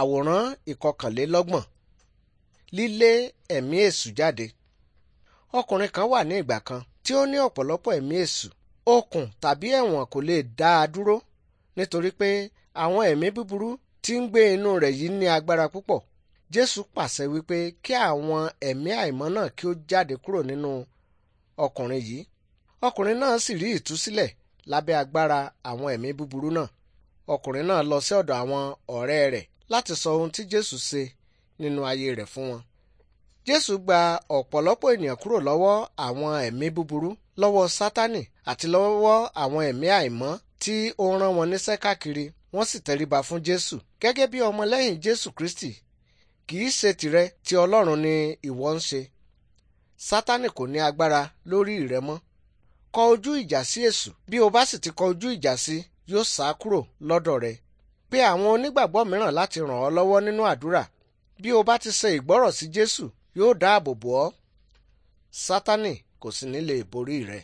àwòrán ìkọkànlélọ́gbọ̀n lílé ẹ̀mí èṣù jáde ọkùnrin kan wà ní ìgbà kan tí ó ní ọ̀pọ̀lọpọ̀ ẹ̀mí èṣù okùn tàbí ẹ̀wọ̀n kò lè dá a dúró nítorí pé àwọn ẹ̀mí búburú tí ń gbé inú rẹ̀ yìí ní agbára púpọ̀ jésù pàṣẹ wípé kí àwọn ẹ̀mí àìmọ́ náà kí ó jáde kúrò nínú ọkùnrin yìí ọkùnrin náà sì rí ìtúsílẹ̀ lábẹ́ agbára àwọn ẹ̀mí búburú náà ọkùnrin náà lọ sí ọ̀dọ̀ àwọn ọ̀rẹ́ rẹ̀ láti sọ ohun tí Jésù ṣe nínú ayé rẹ̀ fún wọn. Jésù gba ọ̀pọ̀lọpọ̀ ènìyàn kúrò lọ́wọ́ àwọn ẹ̀mí búburú lọ́wọ́ Sátánì àti lọ́wọ́ àwọn ẹ̀mí àìmọ́ tí ó rán wọn níṣẹ́ káàkiri wọ́n sì tẹríba fún Jésù gẹ́gẹ́ bí ọmọlẹ́yìn Jésù Kristi kì í ṣe tìrẹ tí Ọlọ́run ni ìwọ ń ṣe Sátánì kò ní agbára lórí rẹ mọ́ kọ ojú ìjà sí Èṣù bí o bá sì ti kọ ojú ìjà sí yóò sá kúrò lọ́dọ̀ rẹ Pe àwọn onígbàgbọ́ mìíràn láti ràn ọ́ lọ́wọ́ nínú àdúrà. Bí o bá ti ṣe ìgbọ́rọ̀ sí Jésù, yóò dáàbò bò ọ́. Sátánì kò sì ní lè borí rẹ.